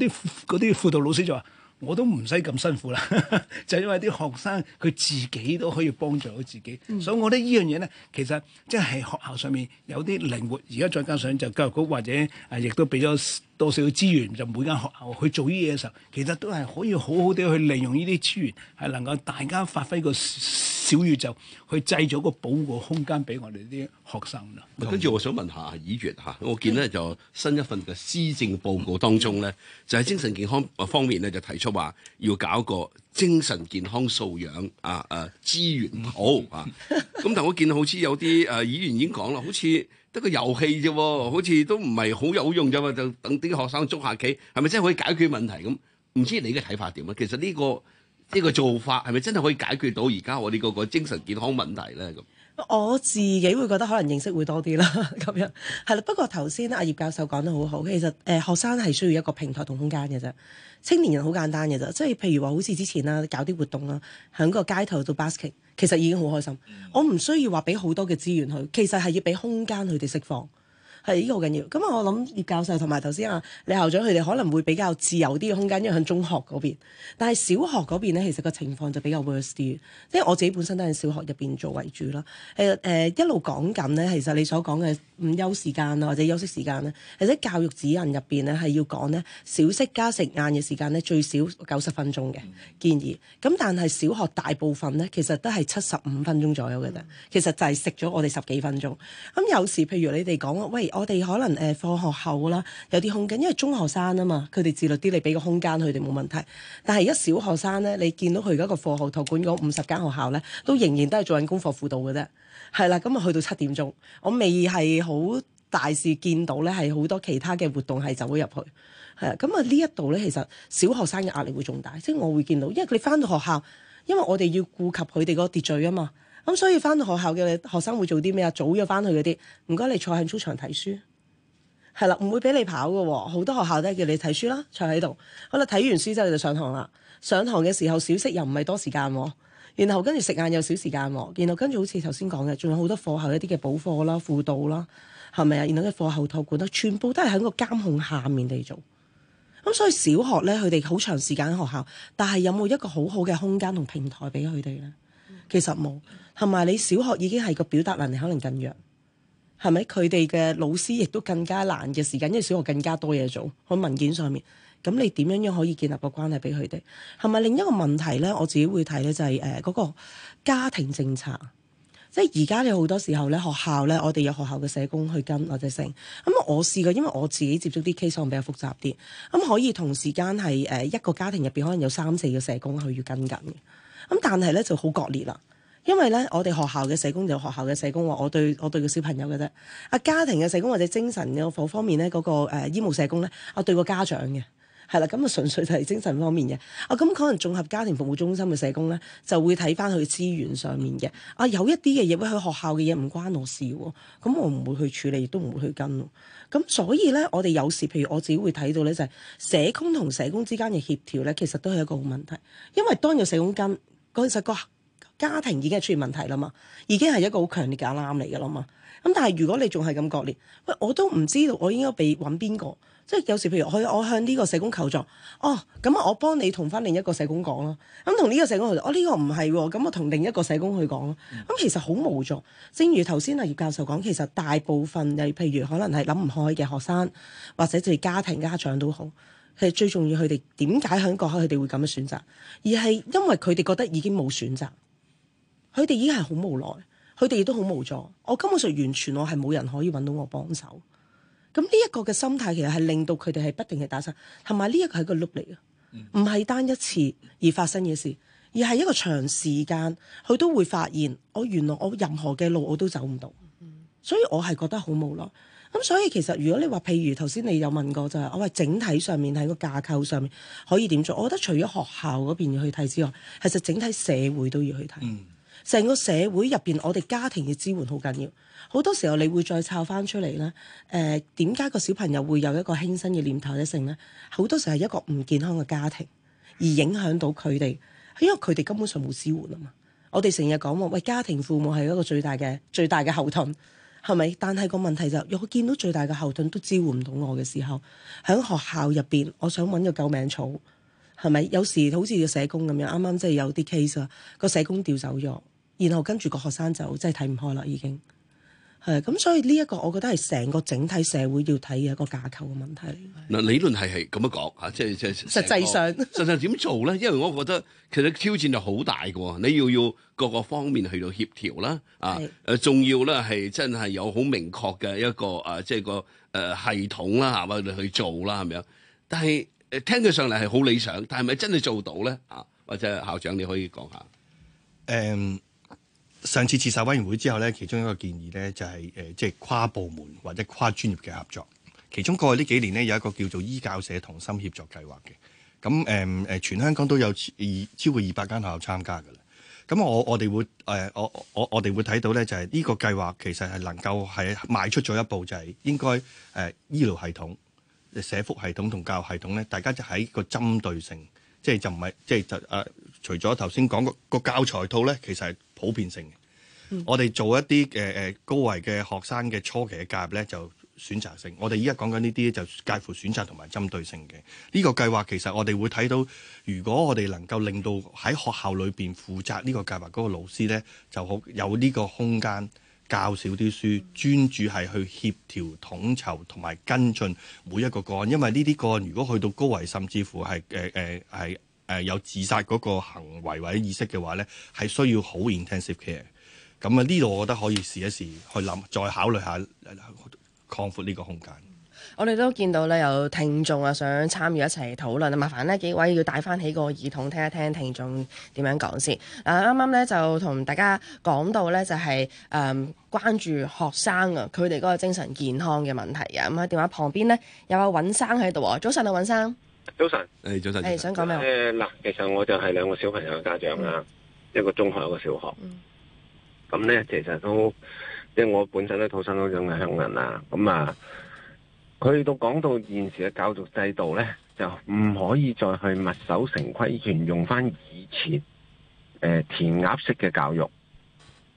嗰啲輔導老師就話。我都唔使咁辛苦啦， 就因為啲學生佢自己都可以幫助到自己，嗯、所以我覺得呢樣嘢咧，其實即係學校上面有啲靈活，而家再加上就教育局或者啊，亦、呃、都俾咗多少資源，就每間學校去做呢嘢嘅時候，其實都係可以好好哋去利用呢啲資源，係能夠大家發揮個。小月就去製咗個保護空間俾我哋啲學生啦。跟住我想問下議員吓，我見咧就新一份嘅施政報告當中咧，就係、是、精神健康方面咧就提出話要搞個精神健康素養啊啊資源好。啊。咁、啊啊、但係我見好似有啲誒議員已經講啦，好似得個遊戲啫，好似都唔係好有用咋嘛？就等啲學生捉下棋，係咪真係可以解決問題咁？唔知你嘅睇法點啊？其實呢、呢個。呢個做法係咪真係可以解決到而家我哋個個精神健康問題咧？咁我自己會覺得可能認識會多啲啦，咁樣係啦。不過頭先阿葉教授講得好好，其實誒、呃、學生係需要一個平台同空間嘅啫。青年人好簡單嘅啫，即係譬如話好似之前啦，搞啲活動啦，喺個街頭做 basket，其實已經好開心。我唔需要話俾好多嘅資源佢，其實係要俾空間佢哋釋放。係呢、這個好緊要，咁啊我諗葉教授同埋頭先啊李校長佢哋可能會比較自由啲嘅空間，因為喺中學嗰邊，但係小學嗰邊咧，其實個情況就比較 worse 啲，因為我自己本身都喺小學入邊做為主啦。誒、呃、誒、呃、一路講緊咧，其實你所講嘅。午休時間啊，或者休息時間咧，其實教育指引入邊咧，係要講咧小息加食晏嘅時間咧最少九十分鐘嘅建議。咁但係小學大部分咧，其實都係七十五分鐘左右嘅啫。其實就係食咗我哋十幾分鐘。咁有時譬如你哋講，喂，我哋可能誒放學後啦，有啲空間，因為中學生啊嘛，佢哋自律啲，你俾個空間佢哋冇問題。但係一小學生咧，你見到佢而家個課後託管嗰五十間學校咧，都仍然都係做緊功課輔導嘅啫。係啦，咁啊去到七點鐘，我未係。好大事，見到咧係好多其他嘅活動係走咗入去，係啊，咁啊，呢一度咧，這這其實小學生嘅壓力會仲大，即係我會見到，因為你翻到學校，因為我哋要顧及佢哋個秩序啊嘛，咁、嗯、所以翻到學校嘅學生會做啲咩啊？早咗翻去嗰啲，唔該你坐喺操場睇書，係啦，唔會俾你跑㗎、哦，好多學校都係叫你睇書啦，坐喺度，好啦，睇完書之後就上堂啦，上堂嘅時候小息又唔係多時間喎、哦。然後跟住食晏有少時間喎，然後跟住好似頭先講嘅，仲有好多課後一啲嘅補課啦、輔導啦，係咪啊？然後嘅課後託管啦，全部都係喺個監控下面嚟做。咁所以小學咧，佢哋好長時間喺學校，但係有冇一個好好嘅空間同平台俾佢哋咧？其實冇，同埋，嗯，你小學已經係個表達能力可能更弱，係咪？佢哋嘅老師亦都更加難嘅時間，因為小學更加多嘢做喺文件上面。咁你點樣樣可以建立個關係俾佢哋？係咪另一個問題咧？我自己會睇咧，就係誒嗰個家庭政策，即係而家你好多時候咧，學校咧，我哋有學校嘅社工去跟或者成咁。我試過，因為我自己接觸啲 case 可能比較複雜啲，咁、嗯、可以同時間係誒一個家庭入邊可能有三四個社工去要跟緊嘅。咁、嗯、但係咧就好割裂啦，因為咧我哋學校嘅社工就有學校嘅社工話我對我對個小朋友嘅啫，啊家庭嘅社工或者精神嘅方方面咧嗰、那個誒、呃、醫務社工咧，我對個家長嘅。係啦，咁啊、嗯、純粹就係精神方面嘅。啊，咁、嗯、可能綜合家庭服務中心嘅社工咧，就會睇翻佢資源上面嘅。啊，有一啲嘅嘢，佢學校嘅嘢唔關我事喎，啊，咁、嗯、我唔會去處理，亦都唔會去跟。咁、嗯、所以咧，我哋有時譬如我自己會睇到咧，就係、是、社工同社工之間嘅協調咧，其實都係一個好問題。因為當有社工跟，嗰陣時個家庭已經係出現問題啦嘛，已經係一個好強烈嘅啱嚟㗎啦嘛。咁、嗯、但係如果你仲係咁割裂，喂，我都唔知道我應該畀揾邊個。即係有時，譬如我向呢個社工求助，哦，咁啊，我幫你同返另一個社工講咯。咁同呢個社工佢就、哦這個嗯，我呢個唔係喎，咁我同另一個社工去講咯。咁、嗯、其實好無助。正如頭先阿葉教授講，其實大部分又譬如可能係諗唔開嘅學生，或者就係家庭家長都好，其實最重要佢哋點解喺嗰下佢哋會咁嘅選擇？而係因為佢哋覺得已經冇選擇，佢哋已經係好無奈，佢哋亦都好無助。我根本上完全我係冇人可以揾到我幫手。咁呢一個嘅心態其實係令到佢哋係不定係打散，同埋呢一個係個碌嚟嘅，唔係單一次而發生嘅事，而係一個長時間佢都會發現，我、哦、原來我任何嘅路我都走唔到，所以我係覺得好無奈。咁所以其實如果你話譬如頭先你有問過就係、是，我話整體上面喺個架構上面可以點做？我覺得除咗學校嗰邊要去睇之外，其實整體社會都要去睇。嗯成個社會入邊，我哋家庭嘅支援好緊要。好多時候，你會再抄翻出嚟咧。誒、呃，點解個小朋友會有一個輕生嘅念頭或者剩咧？好多時係一個唔健康嘅家庭而影響到佢哋，因為佢哋根本上冇支援啊嘛。我哋成日講話，喂，家庭父母係一個最大嘅最大嘅後盾，係咪？但係個問題就是，若果見到最大嘅後盾都支援唔到我嘅時候，喺學校入邊，我想揾個救命草。係咪？有時好似個社工咁樣，啱啱即係有啲 case 啊，個社工調走咗，然後跟住個學生就真係睇唔開啦，已經係咁。所以呢一個，我覺得係成個整體社會要睇嘅一個架構嘅問題。嗱，理論係係咁樣講嚇，即係即係實際上， 實際上點做咧？因為我覺得其實挑戰就好大㗎喎，你要要各個方面去到協調啦，啊，誒是、啊，重要咧係真係有好明確嘅一個啊，即、就、係、是、個誒、啊、系統啦，嚇、啊、嘛，你去做啦，係咪啊？但係。誒，聽佢上嚟係好理想，但係咪真係做到咧？啊，或者校長你可以講下。誒、嗯，上次自殺委員會之後咧，其中一個建議咧就係、是、誒、即、呃、係、就是、跨部門或者跨專業嘅合作。其中過去呢幾年咧有一個叫做醫教社同心協作計劃嘅。咁誒誒，全香港都有二超過二百間學校參加噶啦。咁、嗯、我我哋會誒、呃、我我我哋會睇到咧就係、是、呢個計劃其實係能夠係邁出咗一步，就係、是、應該誒、呃、醫療系統。社福系統同教育系統咧，大家就喺個針對性，即係就唔係，即係就誒。除咗頭先講過個教材套咧，其實係普遍性嘅。嗯、我哋做一啲誒誒高危嘅學生嘅初期嘅教育咧，就選擇性。我哋依家講緊呢啲就介乎選擇同埋針對性嘅。呢、呢個計劃其實我哋會睇到，如果我哋能夠令到喺學校裏邊負責呢個計劃嗰個老師咧，就好有呢個空間。教少啲書，專注係去協調統籌同埋跟進每一個個案，因為呢啲個案如果去到高危，甚至乎係誒誒係誒有自殺嗰個行為或者意識嘅話咧，係需要好 intensive care。咁啊，呢度我覺得可以試一試去諗，再考慮下擴闊呢個空間。我哋都見到咧，有聽眾啊想參與一齊討論啊！麻煩呢幾位要戴翻起個耳筒聽一聽聽眾點樣講先。嗱、呃，啱啱咧就同大家講到咧、就是，就係誒關注學生啊，佢哋嗰個精神健康嘅問題啊。咁、嗯、喺電話旁邊咧有阿尹生喺度，早晨啊，尹生。早晨安，誒早晨。誒、哎、想講咩？嗱，其實我就係兩個小朋友嘅家長啦，嗯、一個中學一個小學。咁咧、嗯，其實都即係我本身都土生土長嘅香港人啊。咁啊。去到講到現時嘅教育制度呢，就唔可以再去墨守成規，沿用翻以前、呃、填鴨式嘅教育。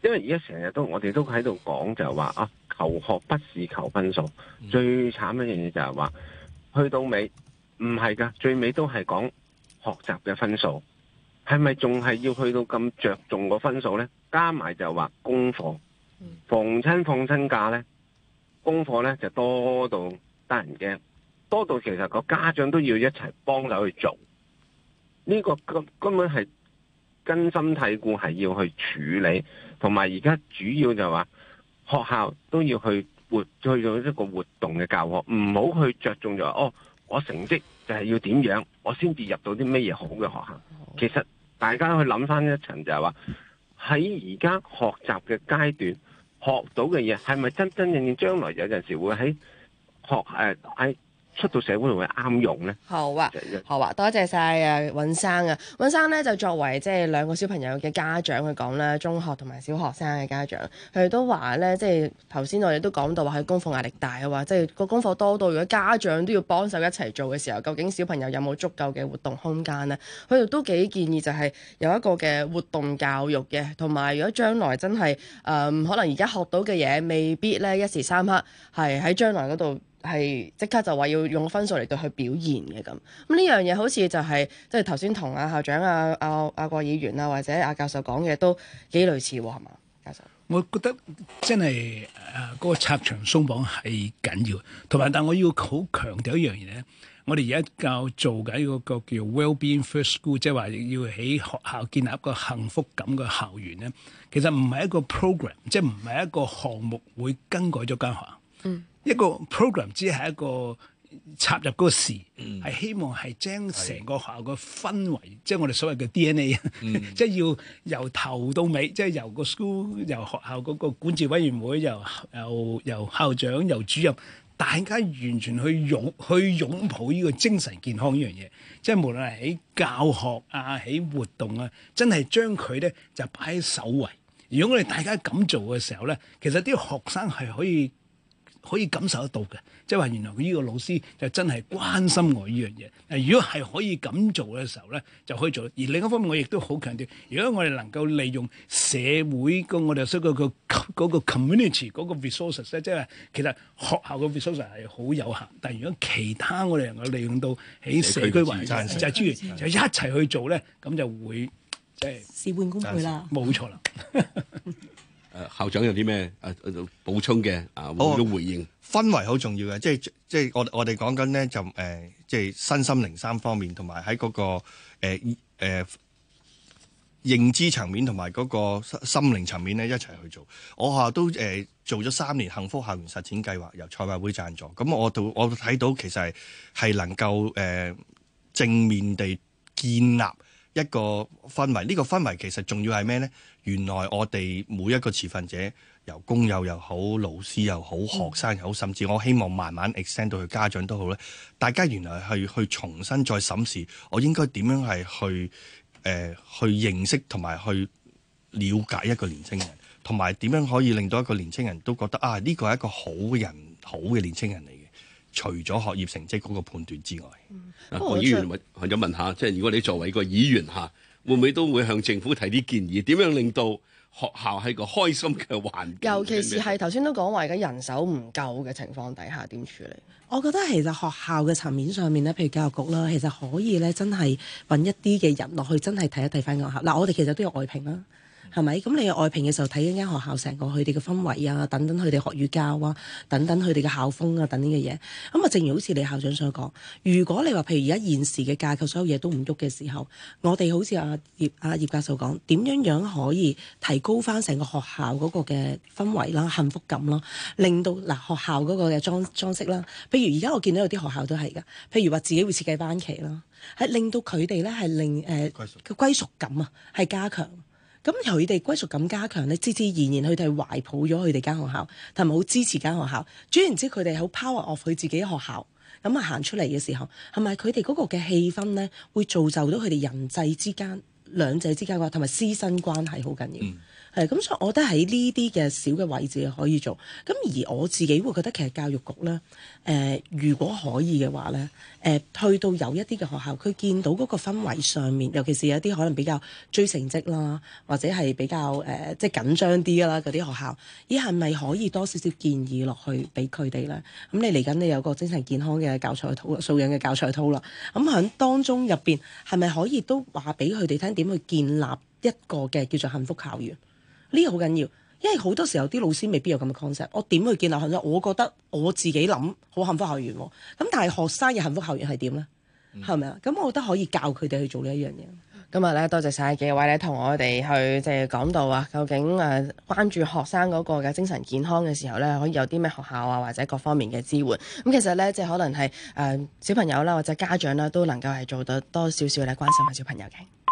因為而家成日都我哋都喺度講就，就係話啊，求學不是求分數。最慘一樣嘢就係話，去到尾唔係噶，最尾都係講學習嘅分數，係咪仲係要去到咁着重個分數呢？加埋就係話功課逢親放親假呢，功課呢，就多到～得人驚多到其實個家長都要一齊幫手去做。呢、這個根根本係根深蒂固，係要去處理。同埋而家主要就係話，學校都要去活去做一個活動嘅教學，唔好去着重就話哦，我成績就係要點樣，我先至入到啲咩嘢好嘅學校。其實大家去諗翻一層就係話，喺而家學習嘅階段學到嘅嘢係咪真真正正將來有陣時會喺？學誒喺、欸、出到社會仲會啱用咧，好啊，好啊，多謝晒啊，尹生啊，尹生咧就作為即係兩個小朋友嘅家長去講咧，中學同埋小學生嘅家長，佢哋都話咧，即係頭先我哋都講到話喺功課壓力大啊，話即係個功課多到如果家長都要幫手一齊做嘅時候，究竟小朋友有冇足夠嘅活動空間咧？佢哋都幾建議就係有一個嘅活動教育嘅，同埋如果將來真係誒、嗯、可能而家學到嘅嘢未必咧一時三刻係喺將來嗰度。係即刻就話要用分數嚟到去表現嘅咁，咁呢樣嘢好似就係即係頭先同阿校長、啊、阿阿阿郭議員啊或者阿、啊、教授講嘅都幾類似喎，係嘛？教授，我覺得真係誒嗰個拆牆鬆綁係緊要，同埋但係我要好強調一樣嘢咧，我哋而家教做緊一,一個叫 Wellbeing First School，即係話要喺學校建立一個幸福感嘅校園咧，其實唔係一個 program，即係唔係一個項目會更改咗間學校。嗯。一個 program 只係一個插入嗰個事，係、嗯、希望係將成個學校嘅氛圍，的即係我哋所謂嘅 DNA，嗯、 即係要由頭到尾，即係由個 school、由學校嗰個管治委員會、由由由校長、由主任，大家完全去擁去擁抱呢個精神健康呢樣嘢，即係無論係喺教學啊、喺活動啊，真係將佢咧就擺喺首位。如果我哋大家咁做嘅時候咧，其實啲學生係可以。可以感受得到嘅，即係話原來佢呢個老師就真係關心我呢樣嘢。如果係可以咁做嘅時候咧，就可以做。而另一方面，我亦都好強調，如果我哋能夠利用社會我、嗰個我哋所講嘅嗰個 community 嗰個 resources 咧，即係其實學校嘅 resource 係好有限，但係如果其他我哋能夠利用到喺社區環境，就就一齊去做咧，咁就會即係事半功倍啦。冇錯啦。校長有啲咩誒補充嘅啊？或者回應氛圍好重要嘅，即係即係我我哋講緊咧就誒，即係、呃、身心靈三方面，同埋喺嗰個誒誒、呃呃、認知層面同埋嗰個心靈層面咧一齊去做。我下都誒、呃、做咗三年幸福校園實踐計劃，由賽馬會贊助。咁、嗯、我到我睇到其實係能夠誒、呃、正面地建立。一個氛圍呢、呢個氛圍其實仲要係咩咧？原來我哋每一個持份者，由工友又好，老師又好，學生又好，甚至我希望慢慢 extend 到佢家長都好咧。大家原來係去，去重新再審視，我應該點樣係去誒、呃、去認識同埋去了解一個年青人，同埋點樣可以令到一個年青人都覺得啊呢、呢個係一個好嘅人，好嘅年青人嚟，除咗學業成績嗰個判斷之外，嗱、嗯，各位議員，我有問下，即係如果你作為個議員嚇，會唔會都會向政府提啲建議，點樣令到學校係個開心嘅環境？尤其是係頭先都講話而家人手唔夠嘅情況底下，點處理？我覺得其實學校嘅層面上面咧，譬如教育局啦，其實可以咧，真係揾一啲嘅人落去，真係睇一睇翻個學校。嗱，我哋其實都有外評啦。係咪？咁、嗯、你外評嘅時候睇一間學校成個佢哋嘅氛圍啊，等等佢哋學與教啊，等等佢哋嘅校風啊，等呢嘅嘢。咁、嗯、啊，正如好似李校長所講，如果你話譬如而家現時嘅架構，所有嘢都唔喐嘅時候，我哋好似阿、啊、葉阿、啊、葉教授講，點樣樣可以提高翻成個學校嗰個嘅氛圍啦、啊、幸福感啦、啊，令到嗱、啊、學校嗰個嘅裝裝飾啦、啊。譬如而家我見到有啲學校都係噶，譬如話自己會設計班旗啦、啊，係令到佢哋咧係令誒嘅、呃、歸屬感啊，係加強。咁佢哋歸屬感加強咧，自自然然佢哋懷抱咗佢哋間學校，同埋好支持間學校。總之，佢哋好 power up 佢自己學校。咁啊行出嚟嘅時候，係咪佢哋嗰個嘅氣氛咧，會造就到佢哋人際之間、兩者之間嘅同埋師生關係好緊要？嗯。咁、嗯，所以我覺得喺呢啲嘅小嘅位置可以做。咁而我自己會覺得其實教育局咧，誒、呃，如果可以嘅話咧，誒、呃，去到有一啲嘅學校，佢見到嗰個氛圍上面，尤其是有啲可能比較追成績啦，或者係比較誒、呃、即係緊張啲啦嗰啲學校，咦係咪可以多少少建議落去俾佢哋咧？咁、嗯、你嚟緊你有個精神健康嘅教材套、素養嘅教材套啦。咁、嗯、喺當中入邊係咪可以都話俾佢哋聽點去建立一個嘅叫做幸福校園？呢個好緊要，因為好多時候啲老師未必有咁嘅 concept。我點去建立幸福？我覺得我自己諗好幸福校園。咁但係學生嘅幸福校園係點呢？係咪啊？咁我覺得可以教佢哋去做呢一樣嘢。今日咧，多謝晒幾位咧，同我哋去即係講到啊，究竟誒、呃、關注學生嗰個嘅精神健康嘅時候咧，可以有啲咩學校啊，或者各方面嘅支援？咁、嗯、其實咧，即係可能係誒、呃、小朋友啦，或者家長啦，都能夠係做到多少少咧，關心下小朋友嘅。